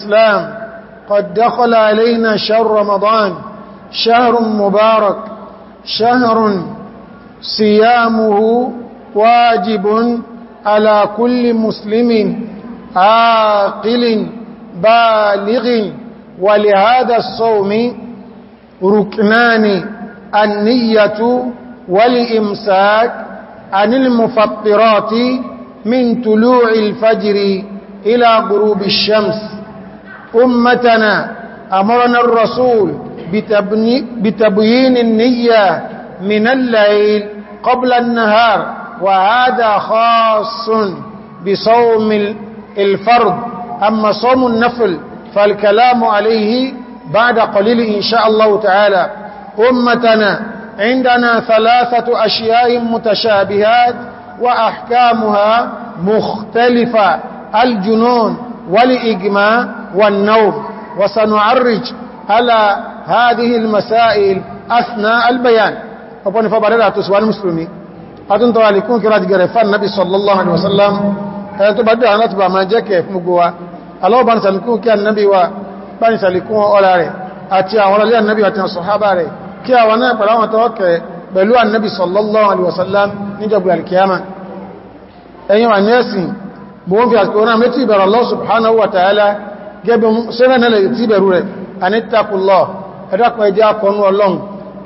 الإسلام قد دخل علينا شهر رمضان شهر مبارك شهر صيامه واجب على كل مسلم عاقل بالغ ولهذا الصوم ركنان النية والإمساك عن المفطرات من طلوع الفجر إلى غروب الشمس أمتنا أمرنا الرسول بتبيين النية من الليل قبل النهار وهذا خاص بصوم الفرض أما صوم النفل فالكلام عليه بعد قليل إن شاء الله تعالى أمتنا عندنا ثلاثة أشياء متشابهات وأحكامها مختلفة الجنون والإجماع والنوم وسنعرج على هذه المسائل أثناء البيان أبني فبريرا تسوى المسلمي أتنت عليكم كرات قرفان النبي صلى الله عليه وسلم أنت بدأ أن أتبع ما جاك مقوى الله بان سألكم كان النبي وبان سألكم أولاري أتيا أولاري النبي وأتيا الصحابة ري كيا وانا بلا وتوكى النبي صلى الله عليه وسلم نجب الكيامة أيها الناس bó ń fi àsìkò náà méjì ìbẹ̀rọ Allah subhanahu wa ta'ala gẹ́gẹ́ sẹ́rẹ̀nẹ́lẹ̀ tí ìbẹ̀rù rẹ̀ anítàkùlọ̀ ẹ̀dàkùn ẹjẹ́ akọ̀nú ọlọ́run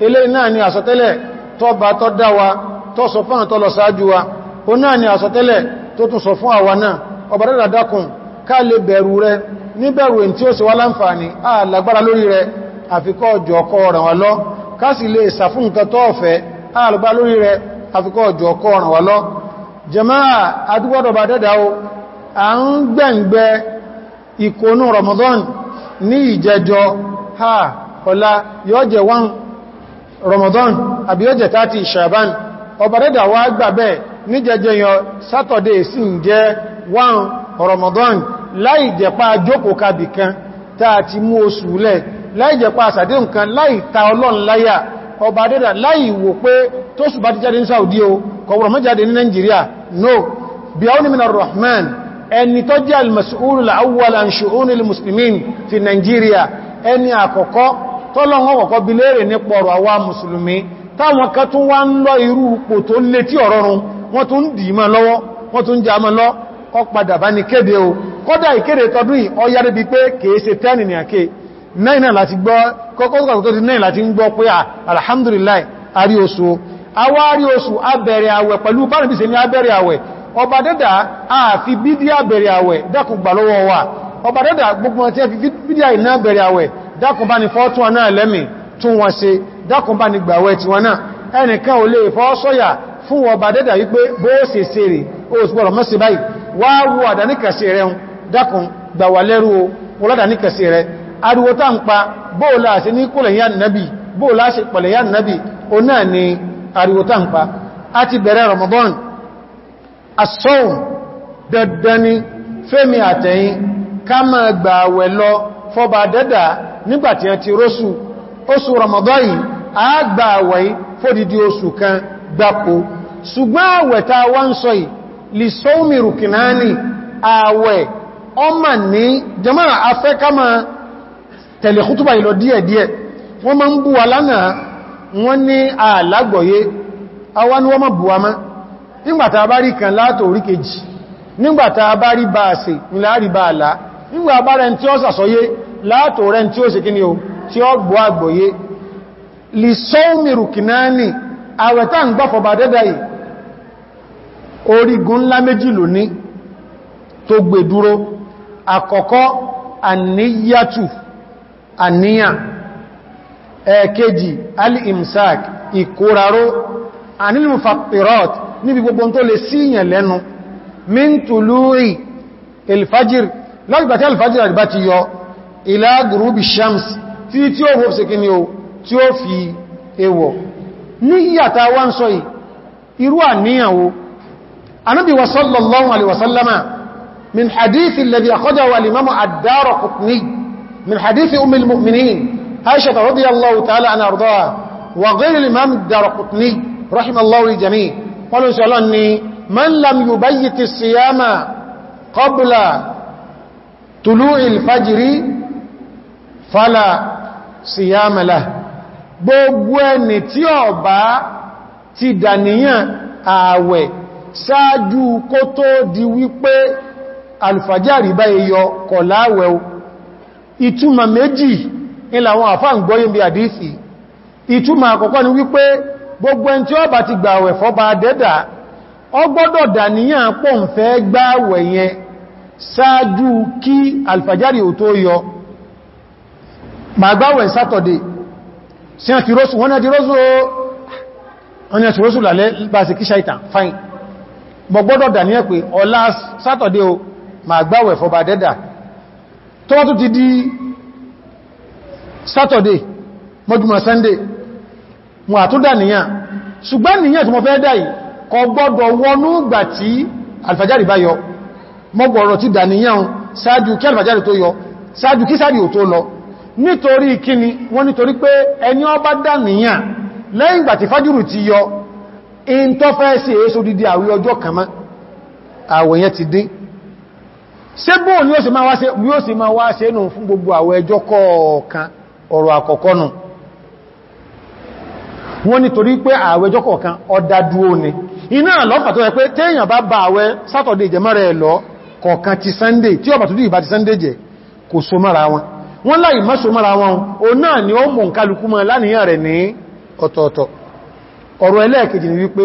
ilé náà ni àsọtẹ́lẹ̀ tó bá tọ́ dá wa tó sọ fún àtọ́ lọ sáájú wa ó náà ni àsọtẹ́lẹ̀ tó tún sọ fún àwa náà ọba rẹ̀ dákùn ká lè bẹ̀rù rẹ̀ ní bẹ̀rù jama'a adúgbọ́dọ̀ bá dẹ́dà o a ń gbẹ̀ǹgbẹ̀ ìkónú Ramadan ní ìjẹjọ ha ọ̀la yóò jẹ 1 Ramadan àbí yóò jẹ 30 Shaban ọba dẹ́dà wá gbàbẹ̀ ní jẹjẹ yọ Saturday sí ń jẹ 1 Ramadan láì jẹpa jókòó kabì kan tàà ti mú oṣù lẹ̀ láì jẹpa àsàdé nǹkan láì ta ọlọ́run ọba adẹ́dà láì wò pé tó ṣùgbà ti jáde ní Saudi o kọ̀wọ̀rọ̀ mọ́ jáde ní Nigeria no bí àwọn mìíràn Rahman ẹni tó jẹ́ al-mas'ul al-awwal shu'un al-muslimin ti Nigeria ẹni àkọ́kọ́ tọ́lọ́wọ́ kọ̀kọ́ bí léèrè ní pọ̀rọ̀ àwa mùsùlùmí táwọn kan tún wá ń lọ irú ipò tó lè tí ọ̀rọ̀ run wọ́n tún dì máa náà láti gbọ́ kọ́kọ́kọ́ tó ti náà láti ń gbọ́ pé alhamdulillah àrí oṣù awá àrí oṣù abẹ̀rẹ̀ àwẹ̀ pẹ̀lú pàrìbìsẹ̀ ní abẹ̀rẹ̀ àwẹ̀ ọba dẹ́dà àfi bídí abẹ̀rẹ̀ àwẹ̀ dákùn gbà lọ́wọ́ wa ọba dẹ́dà gbogbo ọtí ẹfi bídí àìná abẹ̀rẹ̀ àwẹ̀ dákùn bá ní fọ́tún wọn náà lẹ́mì tún wọn ṣe dákùn bá ní gbàwẹ̀ tí wọn náà ẹnìkan ò ariwo tá ń pa bóòlá àṣẹ ní kòlẹ̀yàn nàbì bóòlá àṣẹ pẹ̀lẹ̀yàn nàbì o náà ni ariwo tá ń pa a ti bẹ̀rẹ̀ Ramadan asọ́un dandani fẹ́mi àtẹ̀yìn ká máa gbà àwẹ̀ lọ fọba dẹ́dà nígbàtí ẹ ti rósù oṣù Ramadan yìí a gbà àwẹ̀ fódìdí oṣù kan gbapò ṣùgbọ́n àwẹ̀ ta wá ni àwẹ̀ ọmọ ní jẹmọ́ afẹ́kámọ́ tẹ̀lé kútùbà ìlọ díẹ̀díẹ̀ wọ́n ma ń bú wa lánàá wọ́n ní àlágbọ̀yé awá ní wọ́n ma bú wa má nígbàtà bá rí kan látò orí kejì nígbàtà bá rí bá àṣẹ ìlàrí bá àlá nígbà o tí ó gbọ́ àgbọ̀yé lè sọ́ọ̀mìrù kìnáàni àwẹ̀tà ń gbọ́fọ̀ bà dẹ́dàí orígun ńlá méjì lóní àníyàtù àníyàn ẹ̀kejì al-imsak ìkóraró anilmu fàpírọt níbi gbogbo tó lè síyàn lẹ́nu min tulu'i ilfajir lágbàtí alfajir àdìbá ti yọ ila gurubi shams tí tí ó rò sí kíni o tí ó fi ewọ̀ ní yàtà wá ń sọ irú àníyànwó anábi wa من حديث أم المؤمنين عائشة رضي الله تعالى عن أرضاها وغير الإمام الدار قطني رحم الله الجميع قالوا سؤال أني من لم يبيت الصيام قبل طلوع الفجر فلا صيام له gbogbo تيوبا ti o ساجو كتو daniyan ṣáájú kó tó ìtumọ̀ méjì ilẹ̀ àwọn àfá ń gbọ́yìn bí àdísì ìtumọ̀ àkọ́kọ́ ni wípé gbogbo ẹn tí ó bá ti gbàwẹ̀ fọba dẹ́dà ó gbọ́dọ̀ dàníyàn pọ̀ ń fẹ́ gbàwẹ̀ yẹn ṣáájú kí alfajari ò tó yọ ma gbàwẹ̀ sátọ̀dé sí àti rọ́sù wọ́n àti rọ́sù ọ̀nà àti fine gbọ́gbọ́dọ̀ dàníyàn pé ọlá sátọ̀dé o ma gbàwẹ̀ fọba tó wá tó ti di Saturday mọ́júmọ̀ Sunday wọn àtúndà nìyàn ṣùgbọ́n nìyàn tí mo fẹ́ dáì kò gbọ́dọ̀ wọnú gbà tí alfajari bá yọ mọ́gbọ̀rọ̀ ti dàníyàn sáájú kí alfajari tó yọ sáájú kí sáàdì ò tó lọ nítorí kíni wọ́n nítorí pé ẹni ó bá dàníyàn lẹ́yìn gbà tí fájúrù ti yọ in tó fẹ́ sí èso dídí àwẹ̀ ọjọ́ ṣe bóò ni ó sì máa wá ṣe nù fún gbogbo àwọn ẹjọ́ kọ̀ọ̀kan ọ̀rọ̀ àkọ́kọ́ nù wọ́n ni torí pé àwẹ̀ ẹjọ́ kọ̀ọ̀kan ọdá Ina ni iná àlọ́fà tó yẹ pé téèyàn bá bá àwẹ̀ sátọ̀dé jẹ lọ ti sunday tí tó ti sunday jẹ kò so mara wọn wọ́n láì má so mara wọn o náà ni ó mọ̀ nkálukú mọ́ láníyàn rẹ̀ ní ọ̀tọ̀ọ̀tọ̀ ọ̀rọ̀ ẹlẹ́ẹ̀kejì ni wípé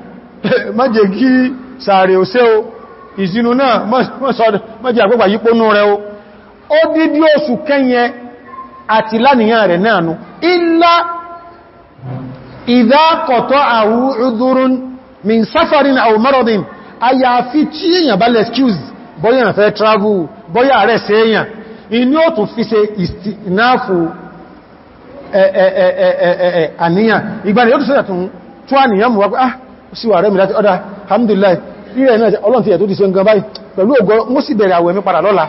maje kí sàárè o ìsinú náà má jẹ́ yípo nú rẹ o ó dídí oṣù àti min safarin aw maradin àyàfi tí èyàn bá lẹ́skúsì bọ́yàn fẹ́ travel bọ́yà rẹ̀ sí èyàn inú ó tún fi se ìsìnáàfù àníyàn ìgbàlẹ̀ yóò tún sọ́dà tún àníyàn síwà rẹ̀ mìíràtí ọdá alhamdulillah rírẹ̀ náà ọlọ́n ti ẹ̀ tó ti ṣe nǹkan báyìí pẹ̀lú ògo mú sí bẹ̀rẹ̀ àwẹ̀ mi padà lọ́la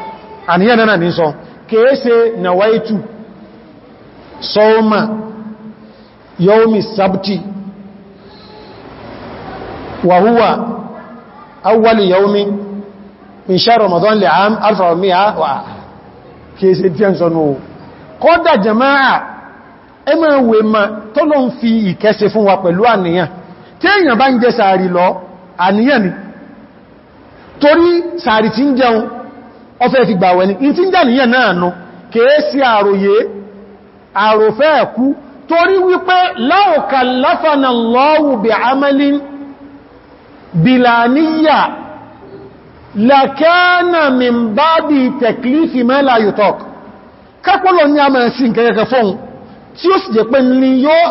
àníyàn náà ní sọ kéése nàwáìtù sọ́ọ́mà yọ́ọ́mì sábtì wàhúwà awwali yọ́ọ́mì min shahr ramadan lè ám alfa wa mi'a wà kéése tí ẹn sọ́nù kọ́dà jama'a ẹmọ̀ ìwé ma tọ́lọ́ fi ìkẹsẹ̀ fún wa pẹ̀lú àníyàn tí èyàn bá ń jẹ sàárì lọ àníyàn ni torí sàárì tí ń jẹun ọfẹ́ fi gbàwẹ̀ ni in tí ń jẹ àníyàn náà àròyé àròfẹ́ ẹ̀kú torí wípé láòkà láfànà lọ́wù bí amalin bìlàníyà làkẹ́nà min bá bí tẹ̀klífì mẹ́lá yùtọ́k kápọ́lọ̀ ni a máa sí nkẹ́kẹ́ fóun tí ó sì jẹ́ pé ní yóò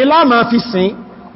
ilá ma fi sin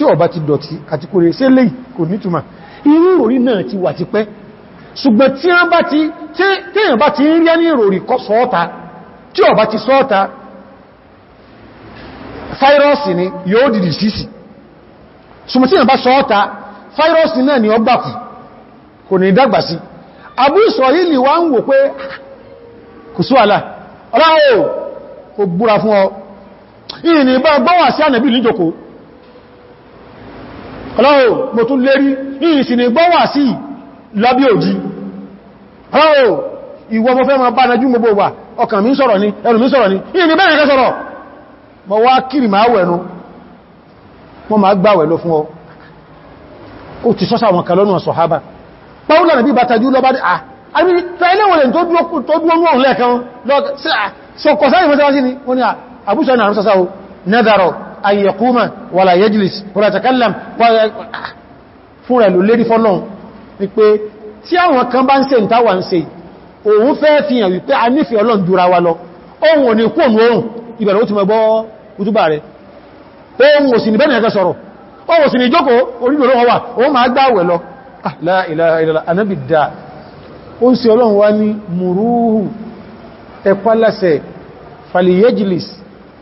tí ọba ti dọ̀tí àti kò rẹ̀ sí kò nítùmà irú ìròrí náà ti wà ti pẹ́ ṣùgbọ́n tí wọ́n bá ti tíyàn bá ti rí ní ìròrí kọ́ sọ́ọ́ta tí ti sọ́ọ́ta fáírọ́ọ̀sì ni yóò dìdì sísì ṣùgbọ́n tíyàn bá sọ́ọ́ta fáírọ́ọ̀sì náà ni kò ní dàgbà sí ọlọ́wọ́ mo tún lérí ìsìnì gbọ́wà sí lábí òjì ọlọ́wọ́ ìwọ mo fẹ́ ma bá najú gbogbo wà ọkàn mi sọ̀rọ̀ ni ẹnu mi sọ̀rọ̀ ni ìní bẹ́ẹ̀ rẹ̀ sọ̀rọ̀ mọ̀ wá kiri máa wẹ̀nu mọ́ ma gbà wẹ̀ lọ fún ọ ó ti sọ́sà wọn kalọ́nù ọ̀sọ̀hábà pàúlà nàbí bàtàjú lọ bá dé à àmì tẹ́lẹ̀wọ̀lẹ̀ ni wọ́n ni àbúṣọ́ ìnà àrùsọ́sáwó nẹ́dàrọ̀ أن يقوم wala يجلس ولا يتكلم fúnra ìlú lérí fọ́lọ́n ni pé tí àwọn kan bá ń ṣe ìtawà ń ṣe òun fẹ́ fi hàn wípé a nífẹ̀ẹ́ Ọlọ́run jura wa lọ ohun ò ní kú òun ìbẹ̀rẹ̀ ó ti mọ̀ gbọ́ ojúbà rẹ̀ ohun òsìn ìbẹ̀rẹ̀ ah, la ilaha illallah anábìdá ó ń ṣe Ọlọ́run wá ní mùrúhù ẹ̀pálásẹ̀ fàlìyẹ́jìlis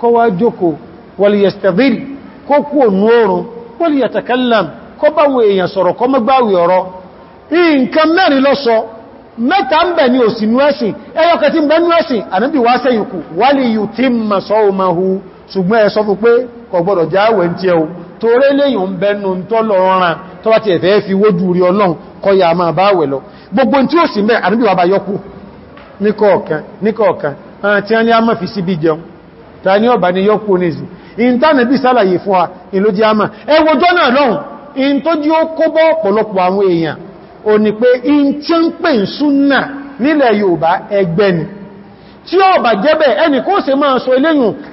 kọwàá jókòó wàlìyàstẹ̀dìl kó kú ònú oòrùn wàlìyàtàkálàm kó báwo èèyàn sọ̀rọ̀ kó mẹ́gbàwì ọ̀rọ̀ nǹkan mẹ́rin ló sọ mẹ́ta ń bẹ ní òsì nú ẹ̀sìn ẹyọkẹ tí ń bẹ nú ẹ̀sìn ànábì wá sẹ́yìn kù wálì yù tí ma sọ ọmọ hu ṣùgbọ́n ẹ sọ fún pé kò gbọdọ̀ jáwẹ̀ ń tiẹ̀ o torí lẹ́yìn ń bẹ nù tọ́lọ ọ̀ràn ta ní ọ̀bá ni yọkù oníṣìí ìntánẹ̀bí sálàyé fún a máa ẹwọjọ́ náà lọ́hùn in tó jí ó kóbọ́ ọ̀pọ̀lọpọ̀ àwọn èèyàn o ní pé in tí ń pè ń súnnà nílẹ̀ Yorùbá ẹgbẹ́ ni tí ó bà jẹ́bẹ̀ ẹni kó se máa sọ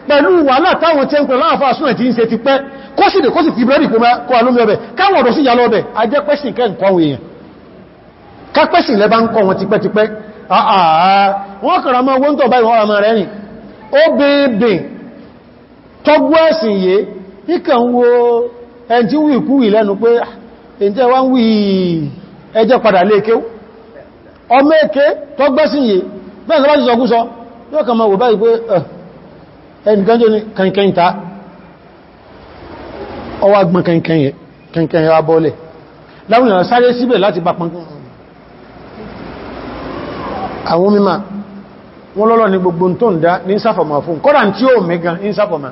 pẹ̀lú wàhálà táwọn tí ń pẹ̀lú àwọn tí ń se ti pẹ́ kó sì lè kó sì kó káwọn ọ̀dọ̀ sí lọ́bẹ̀ máa tọ́gbú ẹ̀sìn yé ìkàn wo ẹn tí wù ìkú ìlẹ́nu pé ẹ̀ntẹ́ ah, wá ń wí ẹjẹ́ padà léèké ọmọ èké tọ́gbẹ́sìn yé bẹ́ẹ̀ sọ bá ti sọ kú sọ yóò kàn máa wò báyìí pé eh, ẹnìkan jẹ́ ní kẹ́kẹ́ ìta ọwá gbọ́n kẹ́kẹ́ ìyá bọ́ọ̀lẹ̀ láwọn èèyàn sáré síbẹ̀ láti wọ́n lọ́lọ́ ní gbogbo tó ń dá ní sáfọ̀mọ̀ fún kọ́dà tí ó mẹ́gan ní sáfọ̀mọ̀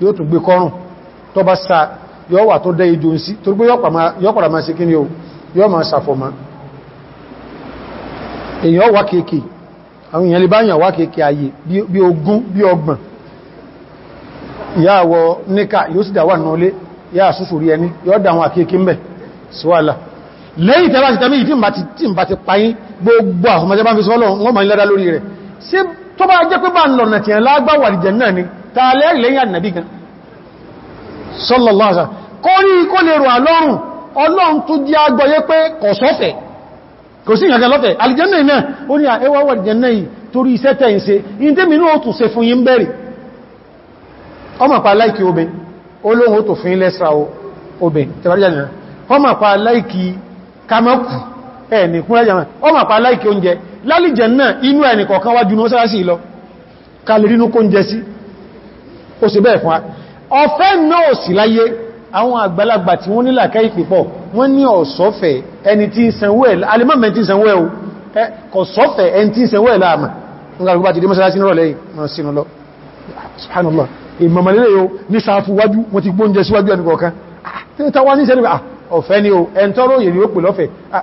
yóò tún gbé kọrùn tó bá sa yóò wà tó dẹ́ ijò ń sí torí pé yóò padà máa ṣe kí ni o yóò máa sàfọ̀mọ́ èyàn wá kéèkèé àwọn èèyàn lè bá yàn wá kéèkèé ayé bí ogún bí ọgbọ̀n ìyáwọ níkà yóò sì dáwà nọlé yáà súsù rí ẹni yóò dáwọn àkéèkèé mẹ́ síwálà lẹ́yìn ti tẹ́mí tó bá jẹ́ pé bá ń lọ̀nà tí ẹ̀ lágbàwà ìjẹ̀ náà ni ta lẹ́rì lẹ́yìn ànàbí gan sallallahu alaihi wasallam kó rí kó lè rò àlọ́rùn ọlọ́run tó di agbọ́yé pé kò sọ́fẹ̀ kò sí ìyàgẹ́ lọ́fẹ̀ alìjẹ́nà náà ó ní àẹwàwà ìjẹ́nà yìí torí iṣẹ́ tẹ́yìn ṣe in tí mi náà tún jẹ́ nìyàn ọmọ pa láìkí kamakù ẹni fún ẹjẹ̀ wọn ma pa láìkí oúnjẹ lálìjẹ̀ náà inú ẹni kọ̀ọ̀kan wájú ní ọ́sáàsì lọ kalìrínú kó ń jẹ sí ó sì bẹ́ẹ̀ fún a ọ̀fẹ́ náà sì láyé àwọn àgbàlagbà tí wọ́n nílà kẹ́ ìpìpọ̀ wọ́n ní ọ̀sọ́fẹ́ ẹni tí ń sanwó ẹ̀ alìmọ́mẹ́ tí ń sanwó ẹ̀ kò sọ́fẹ́ ẹni tí subhanallah ìmọ̀mọ̀lẹ́lẹ́ yóò ní sáàfù wájú ah, wọ́n ti gbóúnjẹ síwájú ẹnìkọ̀ọ̀kan tí ó ọ̀fẹ́ ni o ẹntọ́rọ̀ yìí ó pè lọ́fẹ́ ah,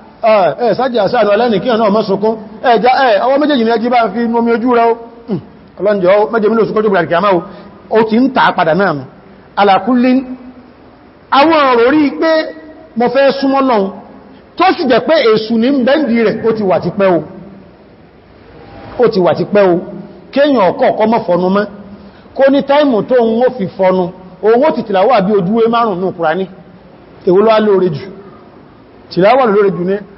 ẹ̀ sájì àṣàánú alẹ́nì kí ọ̀nà ọmọ́sùnkún ẹ̀já ẹ̀ ọwọ́ méjèèjì ní ẹjí bá fi mú omi ojú rẹ̀ hmm, ọlọ́njẹ́ ọ méje mílò òsùnkún jùgbàrì kìyàmáwó ó ti ń tàà padà náà mú alákúlín àwọn ọ̀rọ̀ rí pé mo fẹ́ súnmọ́ lọ́un tó sì jẹ́ pé èṣù ní bẹ́ndì rẹ̀ ó ti wà ti pẹ́ o ó ti wà ti pẹ́ o kéèyàn ọkọ̀ ọkọ̀ mọ́ jù ní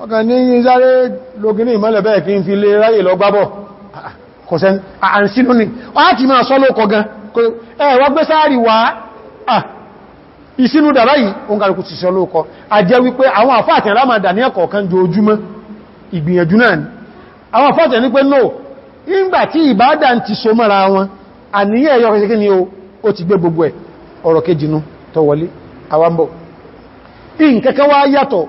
ọkàn ní yí sáré lókínì ìmọ́lẹ̀ bẹ́ẹ̀ kí n fi lè ráyè lọ gbábọ̀ kọ̀sẹ̀ àǹsínú ni wọ́n ti máa sọ́lọ́ kọ gan ẹ̀wọ́ gbé sáàrì wá ìsínú dàbá yìí o ń kàrùkù ti sọ́lọ́ kọ àjẹ́ wípé àwọn àfáàtẹ̀ rámàdà ni àwọn àfáàtẹ̀ ní no ìgbà tí ìbádà ń ti wá yàtọ̀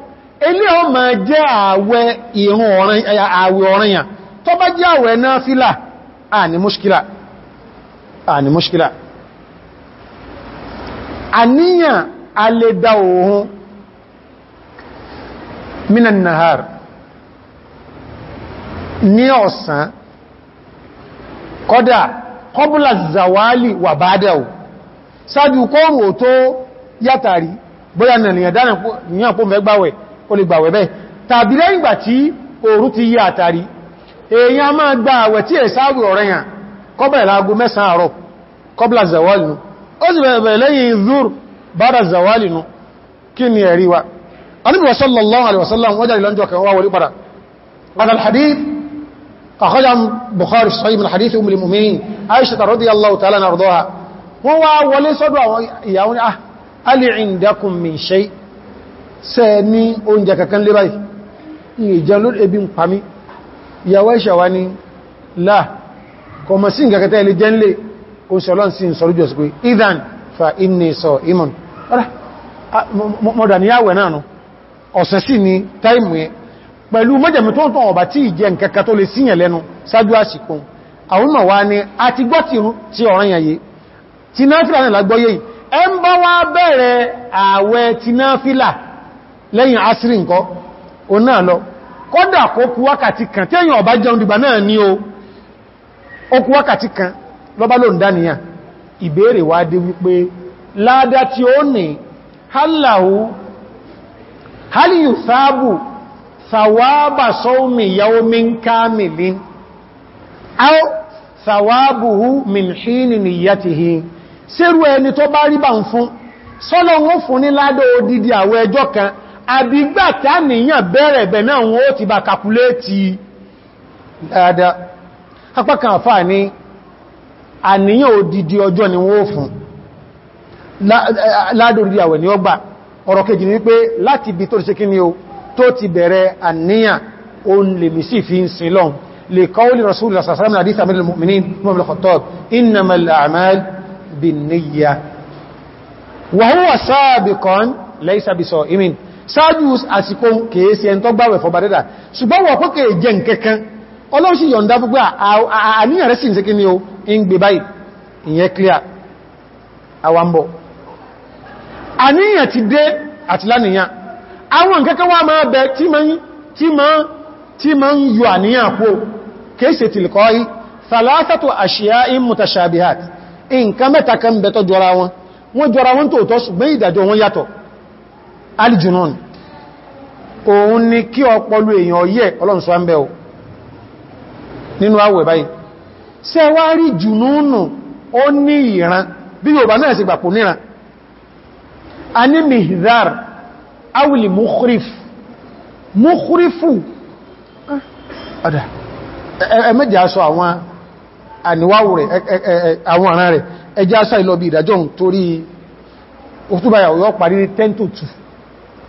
ilé ọmọ jẹ́ àwẹ̀ ìrun àwẹ̀ ọ̀rìnyàn tó bá jẹ́ àwẹ̀ náfílà àní múṣkílà àní múṣkílà àníyàn alẹ́dà òhun minan nahar ní ọ̀sán kọ́dà kọbùlà zawali wà bá dáwò sáájú kọ́rù ò tó yátàrí bóyá nàìyàn dáná ní àpò mẹ́gbàwẹ̀ ó lè gbàwẹ̀ bẹ́ẹ̀ tàbí lẹ́yìn ìgbà tí òru ti yí àtàrí èèyàn máa gba àwẹ̀ tí è sáàrù ọ̀rẹ́ yàn kọ́bẹ̀ láago mẹ́sàn àárọ̀ kọ́bla zawalinu ó sì bẹ̀rẹ̀ lẹ́yìn zur bára zawalinu kí ni ẹ̀rí wa alìbìwà sallallahu alaihi wasallam wọ́n jáde lọ́njọ́ kan umm wá wọlé padà padà alhadith akọ́já bukhari sahih min hadith umul mu'minin aisha ali indakum min shay' ṣé ní oúnjẹ kankan lé báyìí ìjẹun lórí ebi ń pàmí ìyàwó ìṣàwá ni láà kọmọ̀ sí ìgẹ̀kẹta ilé jẹ́ nlé oṣòlọ́n sí ìsọ̀rọ̀jọ́ pé idan fa inni sọ imon mọ́dà níyàwó náà ọ̀sẹ̀ sí ni táìmù ẹ pẹ̀lú mọ́jẹ̀mí tó ń tàn ọ̀bá tí ìjẹ nkẹka tó lè síyàn lẹ́nu sáájú àsìkò àwọn mọ̀ wá ní a ti gbọ́ ti ọ̀ràn yàyé ti bẹ̀rẹ̀ ààwẹ̀ ti lẹ́yìn asiri nǹkan o náà lọ kọ́dà kó kú wákàtí kan tí èyàn ọba jẹun dìgbà náà ní o ó kú wákàtí kan lọ́bá ló ń dáníyà ìbéèrè wá dé wípé ládá tí ó ní hálàú hálìyù sáàbù sàwábà sọ́ọ̀mì yàó min kámìlín áó sàwábùhú min hínì nìyàtìhì sẹ́rù ẹni tó bá rí bá ń fún sọ́lọ́wọ́ fún ní ládá odidi àwọ ẹjọ́ kan àbígbàtà nìyàn bẹ̀rẹ̀ bẹ̀ náà wọ́n ti bá kàkúlétì dáadáa apákan àfà ní àníyàn òdìdí ọjọ́ ni wọ́n fún ládòrí àwẹ̀ ní ọgbà ọ̀rọ̀ kejì ní wípé láti bí tó ṣe kí ni o tó ti bẹ̀rẹ̀ àníyàn o n lè mí sí fi ń sin lọ́n lè kọ́wọ́lì rasulullah sallallahu alaihi ṣáájú àsìkò kèése ẹn tó gbáwẹ̀ fọba dẹ́dà ṣùgbọ́n wọ́n kókè jẹ nkẹ́kan ọlọ́run sì yọ̀nda gbogbo àníyàn rẹ̀ sì ń sékí ní o ń gbé báyìí ìyẹn clear àwambọ̀ àníyàn ti dé àti lánìyàn àwọn nkẹ́kẹ́ wá máa bẹ tí ma ń yọ àníyàn kó kèése tìlkọ́ yìí thalathatu ashiya'i mutashabihat nǹkan mẹ́ta kan bẹ tó jọra wọn wọ́n jọra wọn tòótọ́ ṣùgbọ́n ìdàjọ́ wọn yàtọ̀ aljunon òun ni kí ọpọlọ èèyàn yẹ ọlọ́nsọ́ ń bẹ́ o nínú àwẹ̀ báyìí ṣe wá rí jùnúnù ó ní ìran bí Yorùbá náà sì gbàpò níran a ní mihzar awili mukhrif mukhrifu ọ̀dá ẹmẹ́jẹ́ aṣọ àwọn àníwáwò rẹ̀ àwọn àrán rẹ̀ ẹjẹ́ aṣọ ìlọ́bí ìdájọ́ torí òtúbáyà yóò parí 10 to 2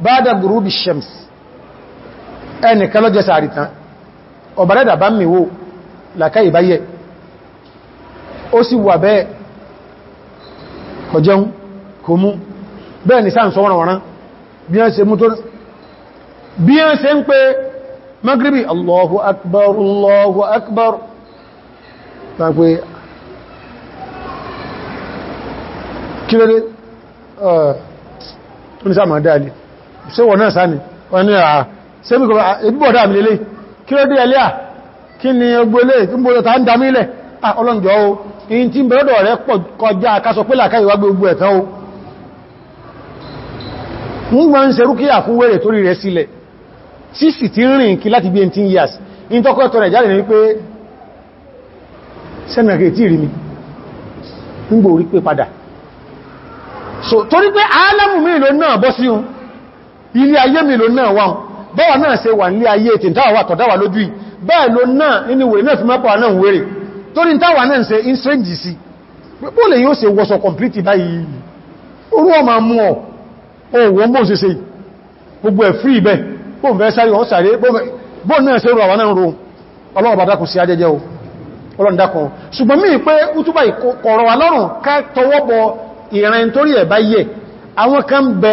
bada gurubi shams ẹnìkan lọ jẹ sàárì tán ọ̀bàrẹ́dà bá mìíwò làkà ìbáyẹ̀ ó sì wà bẹ́ẹ̀ kọjẹun kò mú bẹ́ẹ̀ ni sáà ń sọ wọ́nàwọ́nà bí ẹ́ se mú tó bí ẹ́ se ń pé magribi allahu akbar allahu akbar kí lórí ọ̀rọ̀ ní sáà máa ṣe wọ̀ náà sáni wọ́n ni àà ṣe bí kọ̀bá ìbọ̀dá mi lélẹ̀ kí ló dé ẹlẹ́ à kí ni ogbó ilé ìgbòrò ta ń dá mílẹ̀ ah, ọlọ́njọ́ o in tí bẹ̀rọ̀dọ̀ rẹ̀ pọ̀ kọjá akásọ pé làkáyíwá gbogbo ẹ̀tán o ń wọ́n ń ṣe rúkíyà fún wèrè torí rẹ̀ sílẹ̀ tí sì in tọ́kọ́ ẹ̀tọ́ rẹ̀ jáde ní pé sẹ́mẹ̀kì tí rí so torí pé alámù mí ló náà bọ́ ilé ayé mi ló náà wọ́n bọ́wà náà ṣe wà nílé ayé tí táwà tọ̀dáwà lójú ì bẹ́ẹ̀ ló náà nínú wèrè náà fi mẹ́pọ̀ náà wèrè torí táwà náà ṣe in strange sí pípò lè yóò ṣe wọ́sọ̀ complete báyìí orú ọmọ mú ọ òwọ́n bó ṣe ṣe gbogbo ẹ̀ free bẹ́ bó ń fẹ́ sáré wọ́n sáré bó náà ìrìn torí ẹ̀ bá àwọn kan bẹ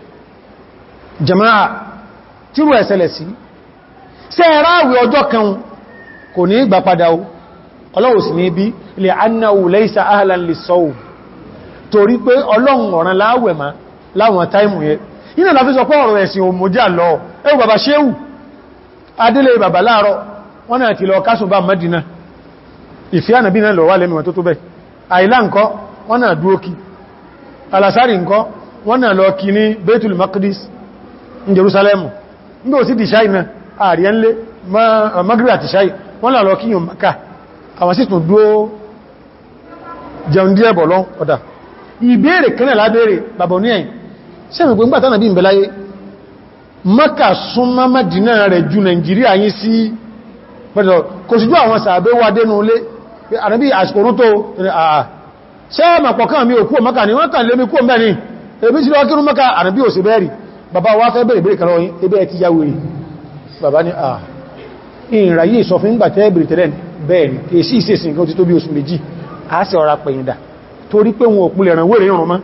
jama'a tí rú ẹ̀sẹ̀lẹ̀ sí ṣe ráwẹ̀ ọjọ́ kan kò ní ìgbà padà o ọlọ́wọ̀ sí ní bí li annahu laysa ahlan lis-sawm torí pé ọlọ́run ọ̀ràn láwẹ̀ ma láwọn táìmù yẹ iná láfí sọ pé ọ̀rọ̀ ẹ̀sìn òmòjá lọ wọ́n náà Madina ìfẹ́ ànàbí náà lọ wà lẹ́nu wọn tó tó bẹ́ àìlá ǹkọ́ wọ́n náà dúó kí alásárì ǹkọ́ wọ́n náà lọ kí ní Baitul Maqdis ní Jerusalem ní ò sí di ṣáì náà ààrí ẹnlé magribi àti ṣáì wọ́n làlọ kí yùn ká àwọn sí tún dúó jẹun díẹ̀ bọ̀ lọ́n ọ̀dá ìbéèrè kẹ́nà lábẹ́rẹ̀ bàbọ̀ ní ẹ̀yìn sẹ́mì pé ńgbàtánà bí ìbẹ̀láyé Mẹ́kà súnmọ́ Mẹ́dínà rẹ̀ ju Nàìjíríà yìí sí pẹ̀lú ni wọ́n kàn lé mi kú mẹ́rin èbí sí àrẹ́bí òsì bẹ́ẹ̀rì bàbá wá fẹ́ bèèrè bèèrè kan lọ́yìn ebẹ́ ẹ ti ya wèrè bàbá ní à ìrìnràyí ìsọfin gbà tẹ́ bèèrè tẹ́lẹ̀ bẹ́ẹ̀ni èsì ìsẹsìn kan ti tó bí oṣù méjì a sì ọ̀rà pẹ̀yìndà torí pé wọn òpin lẹ̀ràn wèrè ìrànmọ́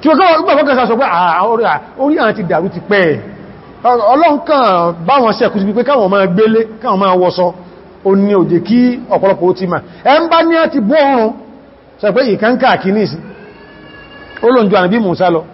tí ó kọ́wọ́ gbàgbọ́ kan sọ pé orí àwọn ti dàrú ti pẹ́ ọlọ́run kan bá wọn sẹ́kù sí pé káwọn máa gbélé káwọn máa wọṣọ ó ní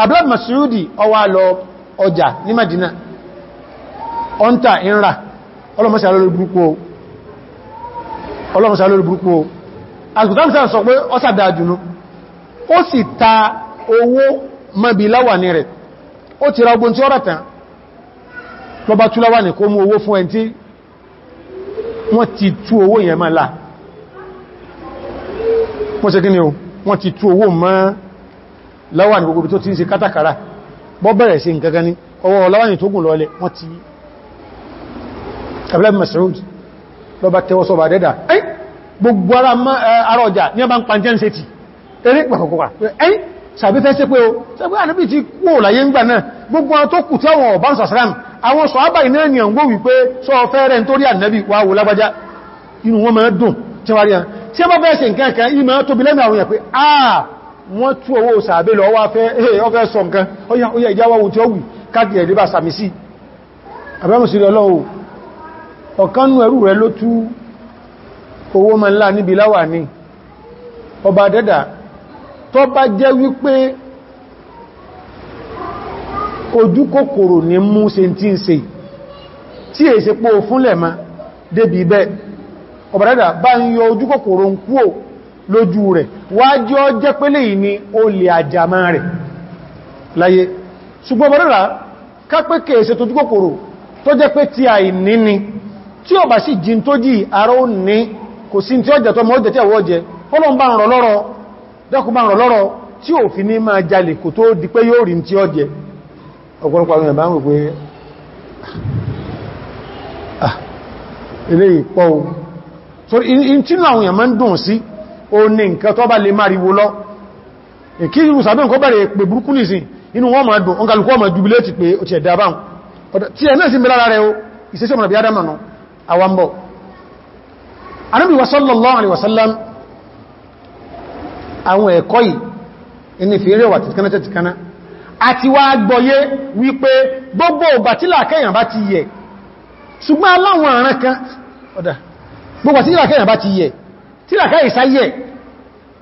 abúlá masudi ọwà lọ ọjà ní madina ọ́ntà ìnra ọlọ́mọsà lórí burúkú o alkùtàmsà sọ pé ọ sàdá àdúnú ó sì ta owó mọ́bíláwà ní rẹ̀ ó ti ra ogun tí ó rẹ̀tàn lọba túláwà ní kó mú owó fún ẹn tí wọ́n ti tú owó yẹn mọ́ wọ́n ti tú owó mọ́ lọ́wà ní gbogbo tó ti ń ṣe kátàkàrà bọ́ bẹ̀rẹ̀ sí nǹkankan ní ọwọ́ ọlọ́wàní tó gùn lọ́lẹ̀ wọ́n ti Abdullahi Mas'ud lọ bá tẹwọ́ sọba dẹ́dà ẹ́yìn gbogbo ara ọjà ní ọba ń pa jẹ́ ń se ti eré pàkọ̀kọ̀kà ẹ́yìn sàbí fẹ́ sí pé o sẹ́gbẹ́ ànábì ti kú láyé ńgbà náà gbogbo àwọn tó kù tí àwọn ọ̀bá ń sàsàrán àwọn sọ ábà iná ni ọ̀gbọ́ wípé sọ fẹ́rẹ̀ ń a bá bẹ́ẹ̀ sí nǹkan kan ìmọ̀ tóbi lẹ́mì àwọn yẹ̀ àà wọ́n tú owó sàábé lọ wá fẹ́ eh, ọfẹ́ sọ nǹkan ó yá ìjáwà tí ó wù káàkiri ẹ̀dẹ́bà sàmì sí àbẹ́mùsílẹ̀ ọlọ́wọ́ ọ̀kánú ẹrù rẹ̀ ló tú owó ma ńlá níbi láwà ní ọba dẹ́dà tó bá jẹ́ wípé ojú kòkòrò ní mú se tí ń se tí èsèpò fúnlẹ̀ ma débi bẹ́ ọba dẹ́dà bá ń yọ ojú kòkòrò ń kúò lójú rẹ̀ wájú ọ jẹ́ pélé ìní o lè àjàmà rẹ̀ láyé ṣùgbọ́n bọ̀rẹ́ra kápé kèèṣe tó túnkòkòrò tó jẹ́ pé ti àìní ni tí ọba sì jí tó jí ara ó ní kò sí tí ọjà tó mọ́jẹ̀ tí àwọ́ jẹ Ọlọ́run bá ń rọ̀ tí ò àwọn so ah, in tí àwọn èèyàn máa ń dùn sí ó ní nǹkan tó bá lè máa ríwo lọ èkí ìrù sàbẹ̀ nǹkan bẹ̀rẹ̀ pè burúkú nìsí inú wọn ma dùn ọkàlùkú ọmọ jubilẹ́tì pé ó ti ẹ̀dà báhùn tí ẹ̀ náà sí mẹ́lára rẹ̀ o ìṣẹ́ṣẹ́ mọ̀nà bí sallallahu alaihi wasallam àwọn ẹ̀kọ́ yìí ẹni fi rẹwà tìtkaná tìtkaná àti wá gbọ́yé wípé gbogbo ọba tí làkẹ́yàn bá ti yẹ bá ti yẹ tí làkà ìsáyẹ̀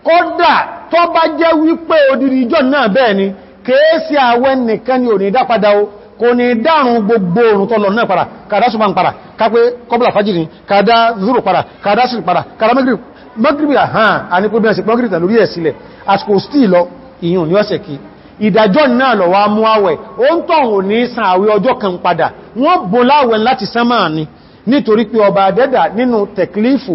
kọ́dà tó bá jẹ́ wípé odiri ìjọ náà bẹ́ẹ̀ ni kèésí àwẹ́ nìkan ni ò ní dápadà o kò ní dárùn gbogbo orun tó lọ náà padà kàdá ṣùgbọ́n padà kápé kọ́bùlà fàjìrì kàdá zúrù padà kàdá sí padà kàdá mọ́gírìbì àhán àníkúbí ẹ̀sìn mọ́gírìbì tàlórí ẹ̀ sílẹ̀ àsìkò stíì lọ ìyún ní ọ̀sẹ̀ kí ìdájọ́ náà lọ wá mú àwẹ̀ ó ń tọ̀hùn ní san àwẹ̀ ọjọ́ kan padà wọ́n bọ́ láti sánmà ní nítorí pé ọba adẹ́dà nínú tẹ̀klífù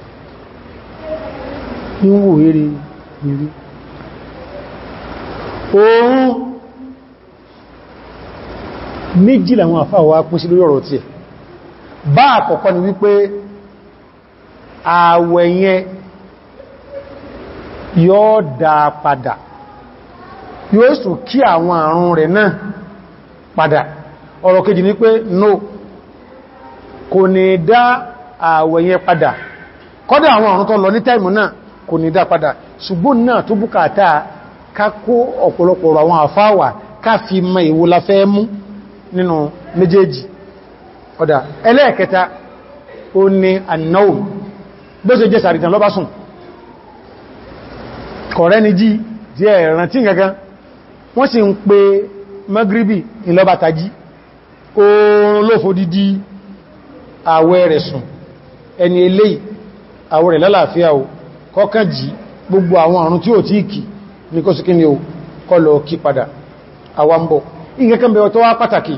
ń wò eré ìrí oòrùn méjì làwọn àfáà wa pín sí lórí ọ̀rọ̀ tí ẹ̀ bá àkọ́kọ́ ni wípé ààwẹ̀ yẹn yóò dá padà yóò sùn kí àwọn àrùn rẹ̀ náà padà ọ̀rọ̀ kejì ní pé no kò ní dá ààwẹ̀ yẹn padà kọ́dá àwọn àrùn tó lọ ní táìmù náà kò ní dá padà ṣùgbọ́n náà tó bùkátà ká kó ọ̀pọ̀lọpọ̀ àwọn àfáwà ká fi mọ èwo la fẹ́ mú nínú méjèèjì ọ̀dá ẹlẹ́ẹ̀kẹta ó ní annáwò bó ṣe jẹ́ sàrìtàn lọ́bá sùn kọ̀rẹ́ ni jí díẹ̀ rántí gangan wọ́n sì ń pe magribi ìlọ́bá tají oòrùn ló fòdídí àwẹ̀ rẹ̀ sùn ẹni eléyìí àwẹ̀ rẹ̀ lálàáfíà kọ́kàn gbogbo àwọn àrùn tí ó tí kì ní kó síkí ni ó kọlọ̀ kí padà àwambọ̀ ìgẹ́kẹ́ bẹ̀rẹ̀ wá pàtàkì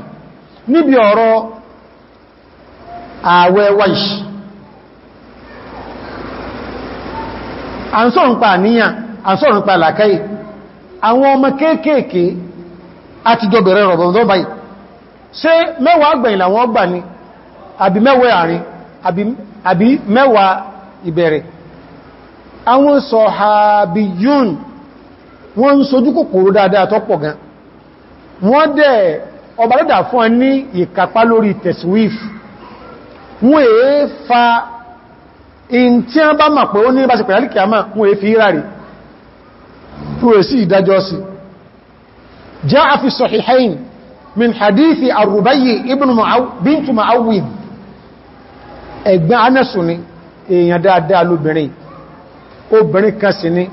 níbi ọ̀rọ̀ ààwẹ̀ wáìṣì pa pa ọmọ ni àbí mẹ́wàá àwọn sọ̀hábíyún wọ́n ń sojú kòkòrò dáadáa tó pọ̀ gan wọ́n dẹ̀ ọba dẹ́dà fún ọ ní ìkàpá lórí tẹ̀síwíf wọ́n èé fa in tí a bá màpẹ̀ ó ní bá ṣe wọ́n èé fi rárì fúrẹ̀ sí ìdájọ́ sí jaa fi sahihayn èèyàn dáadáa lóbìnrin obìnrin kan sì ni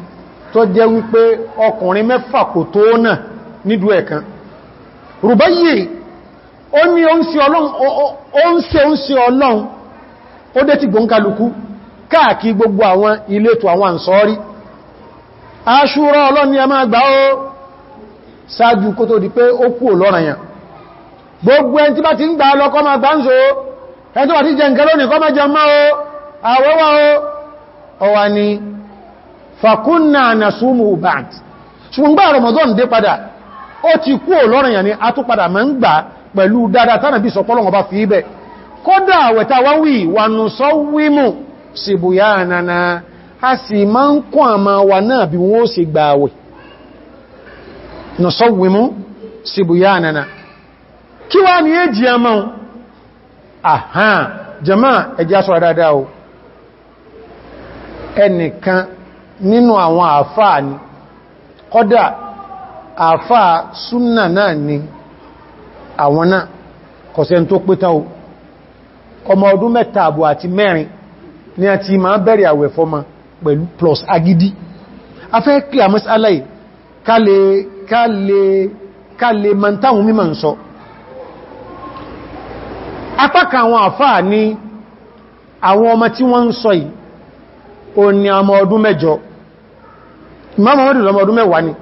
tó jẹ́ wípé ọkùnrin mẹ́fà kò tó náà nídú ẹ̀kan Rùbáyì ó ní ó ń ṣe ọlọ́run ó dé ti gbóǹkálukú káàkiri gbogbo àwọn ilétò àwọn àǹsọ́rí aṣúra ọlọ́ni a máa gbà ó ṣáájú kó tó di pé ó kú olóòrànyàn gbogbo ẹn tí bá ti ń gbà lọ máa gbà ń so ẹn tó bá ti jẹ nǹkan lónìí kọ́ máa jẹ máa ó àwẹ́wà ó ọwà ni fàkúnnà na súnmù bàt ṣùgbọ́n Ramadan dé padà ó ti kú olórin yà ní àtúpadà ma ń gbà pẹ̀lú dáadáa tánà bí sọpọ́lọ̀ ọba fi ibẹ̀ kódà àwẹ̀ta wá wí wà nù sọ wímù sí bùyá ànànà a sì máa ń kún àmà wà náà bí wọ́n sì gbà jama ẹjá sọ dáadáa ẹnìkan nínú àwọn àfáà ni kọ́dà àfáà súnnà náà ni àwọn náà kọ̀sẹ̀ tó pétá o ọmọ ọdún mẹ́ta àbò àti mẹ́rin ni a ti máa bẹ̀rẹ̀ àwẹ̀ fọ́mà pẹ̀lú plus agidi afẹ́ kí a mọ́sálàì kálẹ̀ kálẹ̀ kálẹ̀ mọ́ntáhùn mímọ̀ ń sọ apákà àwọn àfáà ni àwọn ọmọ tí wọ́n ń sọ yìí o ni ọmọ ọdún mẹ́jọ ìmáàmù mẹ́rin lọmọdún mẹ́wàá ni